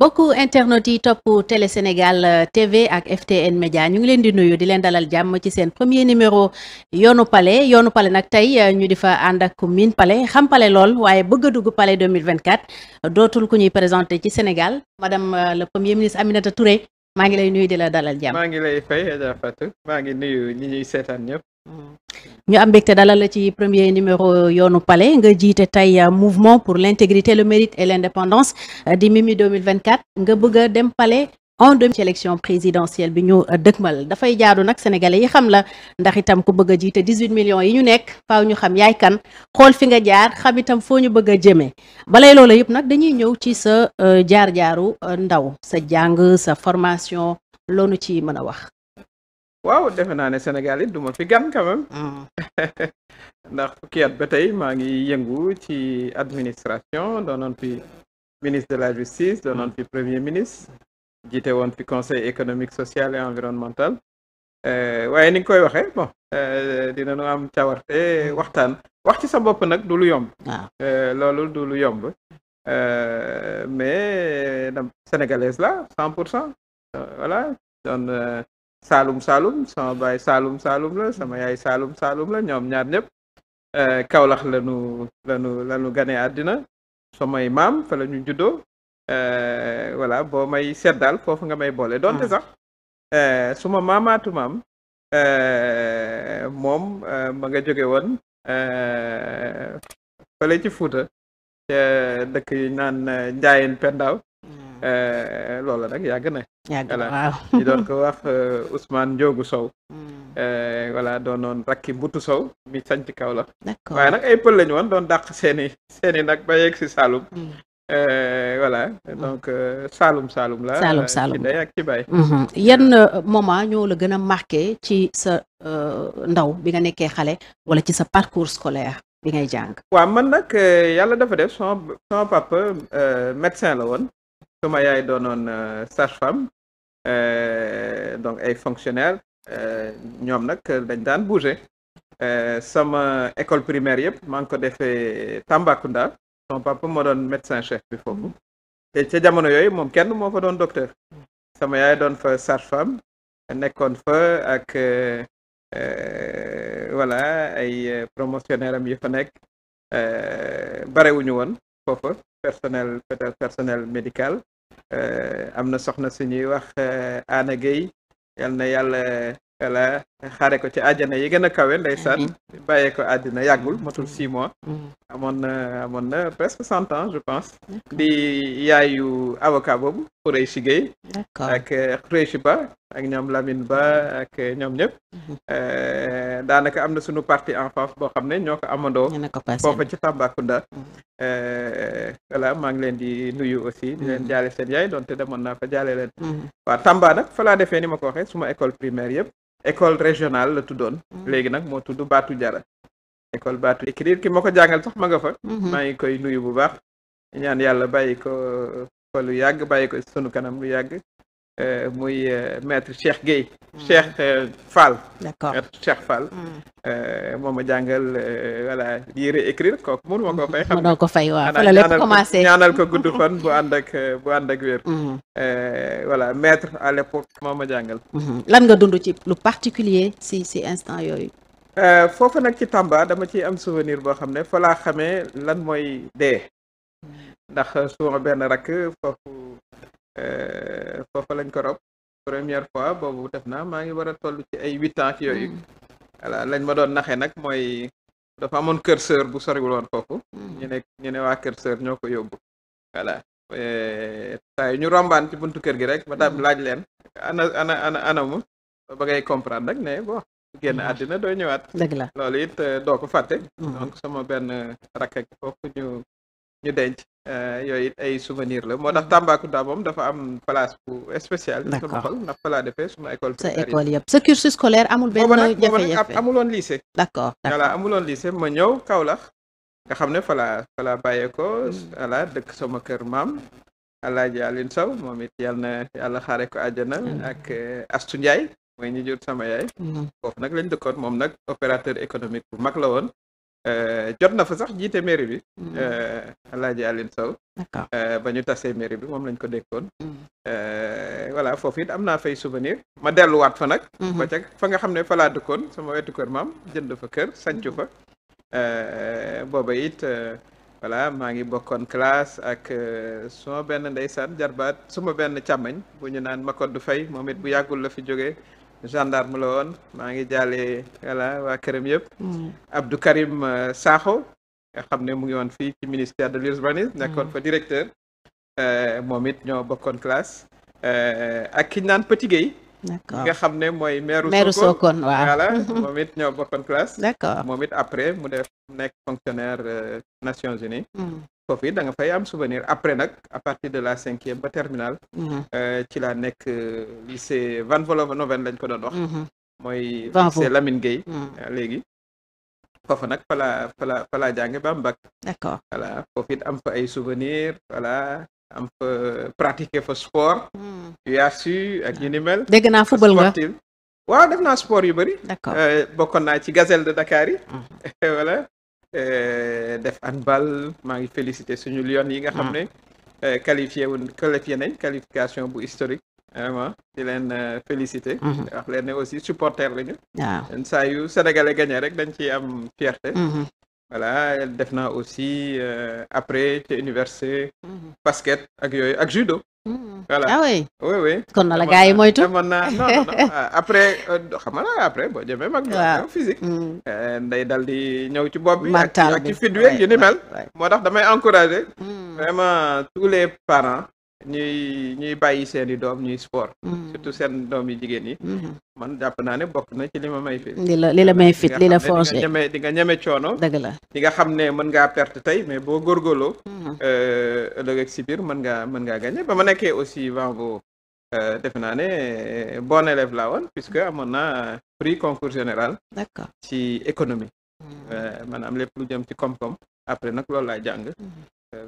bokk internet yi topp Télé Sénégal euh, TV ak FTN Média ñu ngi leen di nuyu di leen dalal jàmm ci seen premier numéro yoonu pale yoonu pale nag tey euh, ñu di fa ànd ak miin palais xam palais lool waaye bëgg a dugg palais 2024 dootul ku ñuy présenté ci Sénégal madame euh, le premier ministre Aminata Touré maa ngi lay nuyu di la dalal jàmm. maa ngi lay fay Adja Fatou maa ngi nuyu ñi ñuy seetaan ñëpp ñu am mbégte dalal la ci premier numéro yoonu pale nga jiite tey euh, mouvement pour l'intégrité le mérite et l'indépendance euh, di Mimi 2024 nga bëgg a dem pale en demi ci élection présidentielle bi ñu euh, dëgmal dafay jaadu nag sénégalais yi xam la ndax itam ku bëgg a jiite 18 millions yi ñu nekk faaw ñu xam yaay kan xool fi nga jaar xam itam foo ñu bëgg a jëmee balay loola yëpp nag dañuy ñëw ci sa jaar-jaaru ndaw sa jàng sa formation loonu ci mën a wax waaw defe naa ne Sénégal du ma fi gan quand mm. ndax fukki at ba tey maa ngi yëngu ci administration doonoon fi ministre de la justice doonoon fi premier ministre jiite woon fi conseil économique social et environnemental eh, waaye ni nga koy waxee bon eh, dinañu am cawarte mm. waxtaan wax ci sa bopp nag du lu yomb. Ah. Eh, loolu du lu yomb mais sénégalaise la cent pour cent voilà saalum saalum sama baay salum saalum la sama yaay saalum saalum la ñoom ñaar ñëpp eh, Kaolack lanu lanu lanu gane àddina may maam fa ñu juddoo eh, voilà boo may seddaal daal foofu nga may boole donte mm. sax eh, suma maamaatu maam moom ma nga jóge woon fële ci Fuuta dëkk yi naan Njaayeen Pendaaw Eh, loolu nag yàgg na. yàgg na waaw ñu doon ko wax euh, Ousmane Ndiogu Sow. Hmm. Eh, voilà doonoon rakki Mbutu Sow mi sanc kaw la. d'accord waaye nag ay pël lañu woon doon dàq seeni seeni nag ba yegg si Saloum. Hmm. Eh, voilà hmm. donc euh, Saloum Saloum la. Saloum Saloum ci ak ci euh, moment ñoo la gën a marqué ci sa ndaw bi nga nekkee xale wala ci sa parcours scolaire bi ngay jàng. waaw man nag yàlla dafa def son son papa médecin la woon. sama yaay doonoon euh, sage-femme euh, donc ay fonctionnaire euh, ñoom nag dañ daan bouger sama école primaire yëpp maa ngi ko defee Tambacounda son papa moo doon médecin chef bi foofu te ca jamono yooyu moom kenn moo fa doon docteur sama yaay doon fa sage-femme nekkoon fa ak voilà ay promotionnaire am yu fa nekk barewuñu woon foofa personnel personnel médicale euh, am na soxna suñuy wax euh, Anna Gueye yal na yàlla voilà euh, xare ko ci àjjana yi gën a kawe ndeysaan bàyyee ko àddina yàggul motul six mois mm. amoon na amoon na presque cent ans je pense di yaayu avocat boobu Khoureychi Gueye ak euh, Khoureychi Ba ak ñoom Lamine Ba ak euh, ñoom ñëpp mm-hmm. euh, daanaka am na suñu parti enfance boo xam ne ñoo ko amandoo foofa ci Tambacounda mm. voilà maa ngi leen di nuyu aussi leen mm-hmm. jaale seen yaay doonte demoon naa fa jaaleleen leen mm-hmm. waaw Tamba nag fa laa ni ma ko suma école primaire yëpp école régionale la tuddoon. Mm. léegi nag moo tudd Baatu Jara. école Baatu écrire ki ma ko jàngal sax ma nga fa. Mm-hmm. maa ngi koy nuyu bu baax. ñaan yàlla bàyyi ko fa lu yàgg bàyyi ko sunu kanam lu yàgg. Euh, muy euh, maître Cheikh Gueye. Cheikh euh, Fall. d'accord maître Cheikh mm. moom a jàngal voilà lire écrire kooku mënuma ko fay. xam mënoo ko fay waaw fa la lépp commencé ñaanal ko gudd fan bu ànd ak bu ànd ak wér. Mm. voilà maître à l'époque moom ma jàngal. Mm-hmm. lan nga dund ci lu particulier si si instant yooyu. foofu nag ci Tamba dama ci am souvenir boo xam ne fa laa xamee lan mooy dee. Mm. ndax suma benn rakk Euh, foofa lañ ko rob première fois boobu def naa maa ngi war a toll ci ay huit ans ak yooyu mm. lañ ma doon naxe nag mooy dafa amoon kër sœur bu soriwul woon foofu mm. ñu ne ñu ne waa kër sœur ñoo ko yóbbu voilà saa yu ñu rombaan ci buntu kër gi rek ma daal mm. laaj leen ana ana ana anamu ba ngay comprendre rek ne bon génn àddina doo ñëwaat dëgg la loolu it euh, doo ko fàtte donc sama benn rakk ak foofu ñu ñu denc euh, yooyu ay souvenir la moo tax mm-hmm. Tambacounda moom dafa am place bu spéciale. d' accord sama xol suma école. sa école yëpp sa cursus scolaire amul benn jafe-jafe amul woon lycée. d' accord voilà amul ñëw Kaolack nga xam ne fala laa fa laa bàyyeekoo mm-hmm. dëkk sama kër maam Alaaji saw Sow moom it yal na yàlla xaare ko àjjana. Mm-hmm. ak euh, astu Ndiaye mooy ñu sama yaay. foofu nag lañ dëkkoon moom nag opérateur économique bu mag la woon. Euh, jot na fa sax jiite mairie bi. Mm. Euh, Alaaji Aline Sow. d'accord euh, ba ñu tasee mairie bi moom lañ ko dékkoon. Mm. voilà foofu it am naa fay souvenir ma delluwaat fa nag. Mm-hmm. ba ca fa nga xam ne fa laa dëkkoon sama wetu kër maam jënd fa kër sancu fa. booba it voilà maa ngi bokkoon classe ak suma benn ndeysaan jarbaat suma benn càmmañ bu ñu naan Makoddu Fay moom it bu yàggul la fi jógee. gendarme la woon maa ngi jàllee voilà waa këram yëpp. Hmm. Abdou Karim euh, Sakho nga xam ne mu ngi woon fii ministère de l'urbanisme hmm. nekkoon fa directeur euh, moom it ñoo bokkoon classe euh, ak ki naan Petit nga xam ne mooy. meeru meeru Sokone waaw voilà moom it ñoo bokkoon classe. d'accord après mu nekk fonctionnaire euh, Nations Unies. Hmm. foofu it da nga fay am souvenir après nag à partir de la cinquième ba terminale. Hmm. Euh, ci laa nekk euh, lycée Van Vollenhoven lañ ko doon wax. Hmm. mooy lycée Lamine Gueye. léegi foofu nag fa laa fa laa fa laa jànge ba am bac. d'accord voilà am fa ay souvenirs voilà. am fa pratiquer fa sport. UASU hmm. ak yu ni mel. dégg naa football nga waaw def naa sport yu bëri. d'accord euh, bokkoon naa ci gazelle de Dakar yi. Hmm. voilà euh, def handball maa ngi félicité suñu Lions yi nga xam hmm. ne. Euh, qualifié wu qualifié nañ qualification bu historique. vraiment di leen féliciter. wax leen ne aussi supporter lañu. waaw saa yu sénégalais gagné rek dañ ci am fierté. voilà def naa aussi euh, après ci université. Mhm. basket ak yooyu ak judo. Mm -hmm. voilà ah oui oui oui. kon na la moytu demoon naa non non ah, après euh, xam nga après boo jëmee mag. waaw physique. Mm. Euh, nday dal di ñëw ci bopp bi. ak moo tax damay encourager. Mm. vraiment tous les parents. ñuy bàyyi seen i doom ñuy sport. Mm. surtout seen doom yi jigéen yi. Mm-hmm. man jàpp naa ne bokk na ci li ma may fit. li la li la may fit li la forger di nga ñeme di nga ñeme coono. dëgg la nga xam ne mën ngaa perte tey mais boo góorgóorloo. Mm-hmm. Euh, ëllëg ak si biir mën ngaa mën ngaa gagné ba ma nekkee aussi Vanvo euh, defe naa ne euh, bon élève laa woon puisque amoon na prix concours général. d'accord ci économie. Mm-hmm. maanaam lépp lu jëm ci koom-koom après nag loolu laay jàng.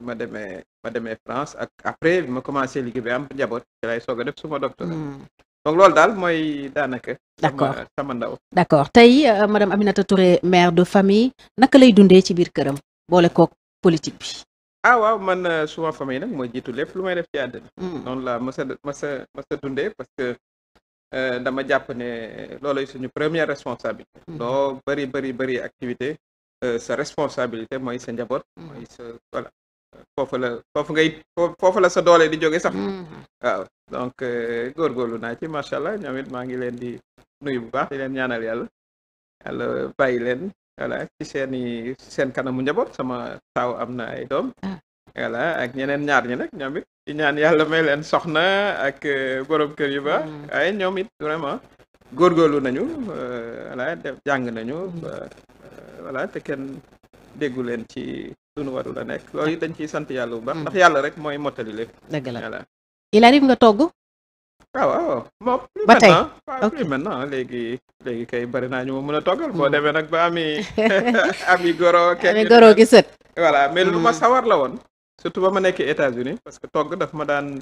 ma demee ma demee France ak après ma commencé liggéey bi am njaboot soog a def suma doctorat hmm. donc loolu daal mooy daanaka. d'accord sama ndaw. d'accord tey euh, madame Aminata Touré mère de famille naka lay dundee ci biir këram boole kook politique bi. ah waaw man euh, suma famille nag mooy jiitu lépp lu may def ci àddina. la ma sa ma dundee parce que euh, dama jàpp ne loolay suñu première responsabilité. doo hmm. bëri bëri bëri activité. sa responsabilité mooy sa njaboot. Hmm. mooy sa voilà foofu la foofu ngay foofu la sa doole di jóge sax mm-hmm. waaw donc euh, góorlu naa ci macha allah ñoom it maa ngi leen di nuyu bu baax di leen ñaanal yàlla yàlla bàyyi leen voilà ci seeni seen kanamu njaboot sama taaw am na ay doom ah. voilà ak ñeneen ñaar ñi nag ñoom it di ñaan yàlla may leen soxna ak euh, borom kër yu baax mm-hmm. ay ñoomit it vraiment góorgóorlu nañu euh, voilà def jàng nañu mm-hmm. voilà te kenn déggu leen ci lu waru la nekk loolu dañ ciy sant yàlla bu baax mm. ndax yàlla rek mooy mottali lépp dëgg la il arrive nga togg ah, waaw waaw ba tey léegi léegi kay bari naa ñu mën a toggal boo mm. demee nag ba ami goro ami goro gi sët voilà mais lu ma mm. sawar la woon surtout ba ma nekkee États-Unis parce que togg daf ma daan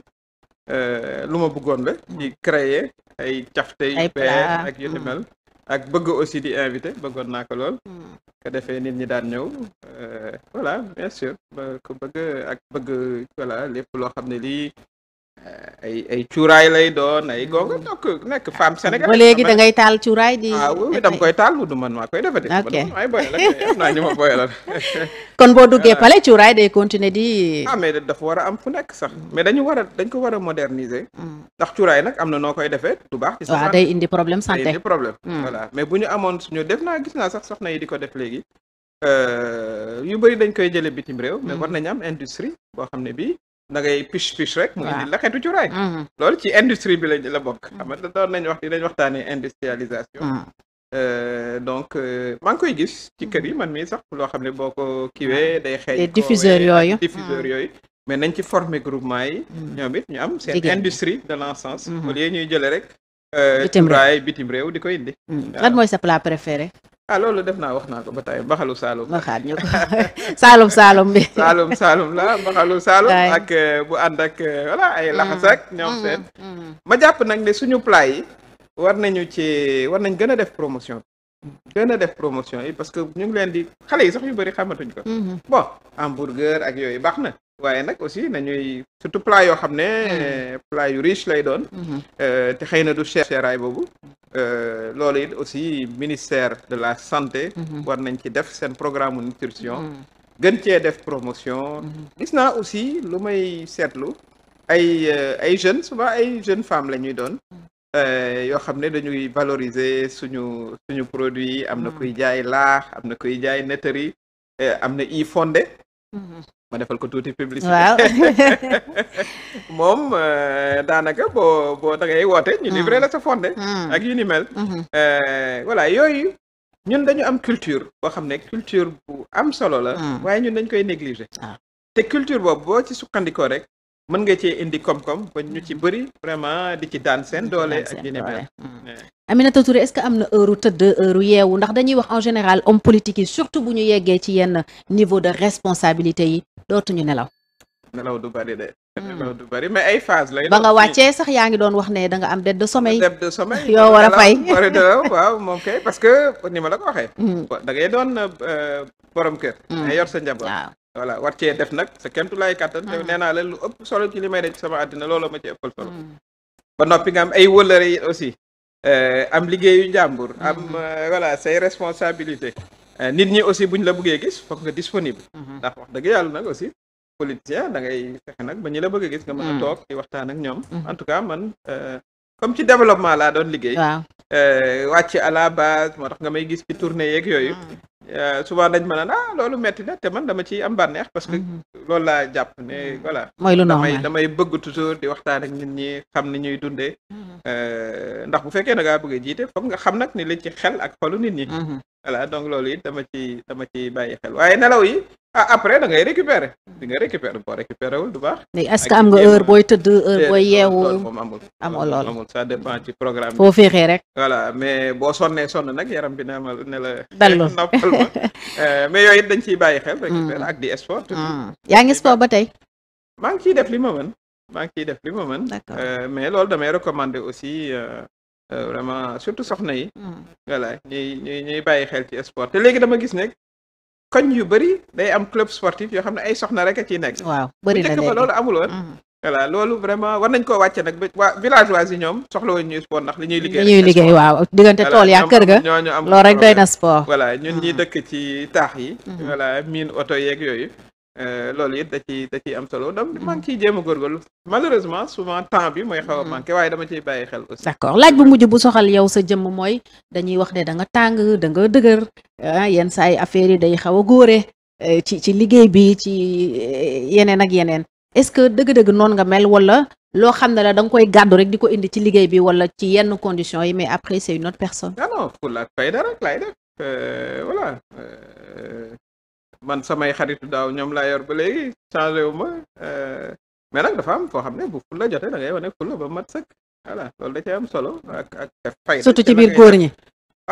euh, lu ma bëggoon la di créer ay cafte yu beer ak yu mel ak bëgg aussi di invité bëggoon naa ko lool. Hmm. ko defee nit ñi daan ñëw euh, voilà bien bëgg ak bëgg voilà lépp loo xam ne lii Eh, ay cuuraay lay doon ay googu nekk femme sénégal ba léegi da ngay taal cuuraay di ah oui koy taal du man maa koy defa de kon boo duggee pale cuuraay day continuer di ah mais dafa war a am fu nekk sax mais dañu war a dañ ko war a moderniser mm. ndax cuuraay nag am na noo koy defee du baax sax waaw day indi problème santé day indi mm. mais bu ñu amoon suñu def naa gis naa sax soxna yi di ko def léegi euh, yu bëri dañ koy jële bitim réew mais mm. war nañu am industrie boo xam ne bii da ngay piche piche rek. mu indi la xeetu cuuraay. Mm-hmm. loolu ci industrie bi lañ la bokk. xam nga doon nañ wax dinañ waxtaanee industrialisation. Mm. Euh, donc euh, maa ngi koy gis. ci kër yi man mi sax loo xam ne boo ko kiiwee day. xeeñ diffuseur yooyu diffuseur mm. yooyu. mais nañ ci former groupement yi. Mm. ñoom it ñu am seen industrie de l'encens. Mm-hmm. au lieu ñuy jëlee rek. Euh, bitim réew cuuraay bitim réew di ko indi. lan mooy sa plat préféré. ah loolu def naa wax naa ko ba tey mbaxalu Saalum. waxaat ñu ko Saalum Saalum bi. Saalum Saalum la mbaxalu Saalum. ak euh, bu ànd ak euh, voilà ay. Mm. laxas ak ñoom mm. seen. Mm. ma jàpp nag ne suñu plat yi. war nañu ci war nañ gën a def promotion. gën def promotion yi parce que ñu ngi leen di xale yi sax yu bari xamatuñ ko. Mm-hmm. bon hamburger ak yooyu baax na. waaye nag aussi nañuy surtout plat yoo xam ne hmm. plat yu riche lay doon hmm. euh, te xëy na du cher cheraay boobu euh, loolu it aussi ministère de la santé hmm. war nañ ci def seen programme nutrition gën cee def promotion gis naa aussi lu may seetlu ay euh, ay jeunes souvent ay jeunes femmes la ñuy doon yoo xam ne dañuy valoriser suñu suñu produit am na kuy jaay laax am na kuy jaay nettari am na i fondé ma defal ko tuuti publicité. waaw moom euh, daanaka bo boo da woote. ñu hmm. livré la sa hmm. ak yu ni hmm. euh, voilà yooyu ñun dañu am culture boo xam ne culture bu am solo la. waaye ñun dañ koy négliger. Ah. te culture boobu boo ci sukkandikoo rek mën nga cee indi koom-koom ba ñu ci bëri vraiment di ci daan seen doole ak yi ne mel Aminata Touré est-ce que am na heure tëdd heure yeewu ndax dañuy wax en général homme politique yi surtout bu ñu yeggee ci yenn niveau de responsabilité yi ñu nelaw nelaw du bari de hmm. nelaw du bari mais ay phase lay ba nga wàccee sax yaa ngi doon wax ne danga am dette de sommeil dette de sommeil yoo a fay waaw moom kay parce que ni ma la ko waxee hmm. da ngay doon euh, borom kër hmm. yor sa njaboot voilà war cee def nag sa kemtulaay kàttan te ah. nee naa la lu ëpp solo ci li may def sama àddina looloo ma ci solo hmm. ba noppi nga am ay wëllëre yi aussi eh, am liggéeyu njàmbur hmm. am eh, voilà say responsabilité eh, nit ñi aussi buñ la bëggee gis foog nga disponible hmm. ndax wax dëgg yàlla nag aussi politicien da ngay fexe nag ba ñu la bëgg a gis nga mën a toog di waxtaan ak ñoom en tout cas man comme ci développement laa doon liggéey wàcc à la base moo tax nga may gis ci tournée yeeg yooyu Euh, suba dañ ma naan ah loolu metti na te man dama ciy am bànneex parce que mhm. loolu laa jàpp ne mhm. voilà. mooy lu normal damay damay bëgg toujours di waxtaan ak nit ñi xam ni ñuy dundee. Mhm. Euh, ndax bu fekkee da ngaa bëgg jiite foog nga xam nag ni li ci xel ak xolu nit ñi. voilà donc loolu it dama ci dama ci bàyyi xel waaye nelaw yi ah après da ngay récupérer di nga récupérer boo du baax. est-ce que am nga heure booy tëdd heure booy yeewu. moom amul amul loolu amul ça rek. voilà mais boo sonnee sonn nag yaram bi ne ma ne la. dalul noppal ma euh, mais yooyu dañ ciy bàyyi xel. Hmm. récupérer ak di hmm. yaa ngi sport ba tey. maa ngi ciy def li ma mën. maa ngi ciy def li ma mën. Euh, mais loolu damay recommander aussi. Euh, Euh, vraiment surtout soxna yi. Hmm. voilà ñuy ñuy bàyyi xel ci sport te léegi dama gis ne koñ yu bëri day am club sportif yoo xam ne ay soxna rek a ciy nekk. waaw bëri na léegi ba loolu amul woon. Hmm. loolu vraiment war nañ koo wàcce nag ba waa villageois yi ñoom soxla woon ñuy sport ndax li ñuy liggéey. li ñuy liggéey waaw diggante tool yaa kër ga. ñooñu am loolu rek doy na sport. voilà ñun ñi hmm. dëkk ci taax yi. voilà miin oto yeeg yooyu. Euh, loolu it da ci da ciy am solo dam maa ngi ciy jéem a góorgóorlu malheureusement souvent temps bi mooy xaw a manqué waaye dama ciy bàyyi xel aussi. d'accord laaj bu bu soxal yow sa jëmm mooy dañuy wax ne da tàng da nga dëgër ah, yenn saa yi affaire yi day xaw a góore euh, ci ci liggéey bi ci euh, yeneen ak yeneen est-ce que dëgg-dëgg noonu nga mel wala loo xam ne la da nga koy gàddu rek di ko indi ci liggéey bi wala ci yenn condition yi mais après c'est une autre personne. Ah non non ak fayda rek laay def voilà. man samay xaritu daaw ñoom laa yor ba léegi changé wu ma euh, mais nag dafa am xam ne bu fulla jotee da ngay wane fulla ba mat sëkk voilà loolu da cee am solo ak ak fay. surtout ci biir góor ñi.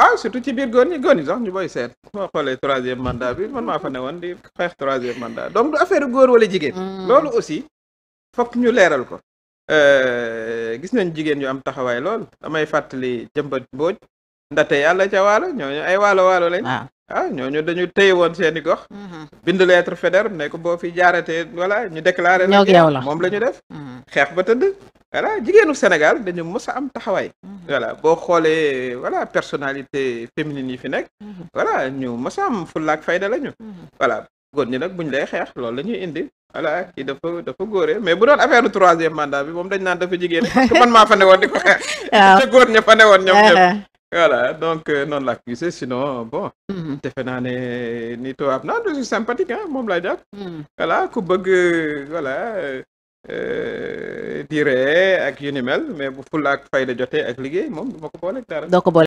a ah, surtout ci biir góor ñi góor ñi sax ñu boy seet moo xoolee troisième manda bi man maa fa newoon di xeex troisième mandat donc du affaire góor wala jigéen. Hmm. loolu aussi fokk ñu leeral ko. Euh, gis nañ jigéen yu am taxawaay lool damay fàttali jëmbat mbooj ndate yàlla ca waalo ñooñu ay waalo waalo lañ. ah ñooñu dañu téye woon seen i gox. Mhm. bind lettre fédère ne boo fi jaaratee voilà ñu déclaré. ñoo yow la moom la ñu def. Mhm. xeex ba tëdd. voilà jigéenu Sénégal dañu mës a am taxawaay. Mhm. voilà boo xoolee voilà personnalité féminine yi fi nekk. voilà ñu mës a am fullaak fayda la ñu. voilà góor ñi nag buñ lay xeex loolu la ñuy indi. voilà kii dafa dafa góore mais bu doon affaire troisième mandat bi moom dañ naan dafa jigéen parce que man maa xeex. waaw góor ña fa ñoom ñëpp. voilà donc euh, noonu la gisee sinon bon. defe naa ne ni too ab naa toujours sympathique ah moom laa jàpp. Mhm. voilà ku bëgg voilà euh, euh, diree ak yu mais bu fulla ak fayda jotee ak liggéey moom du boole dara.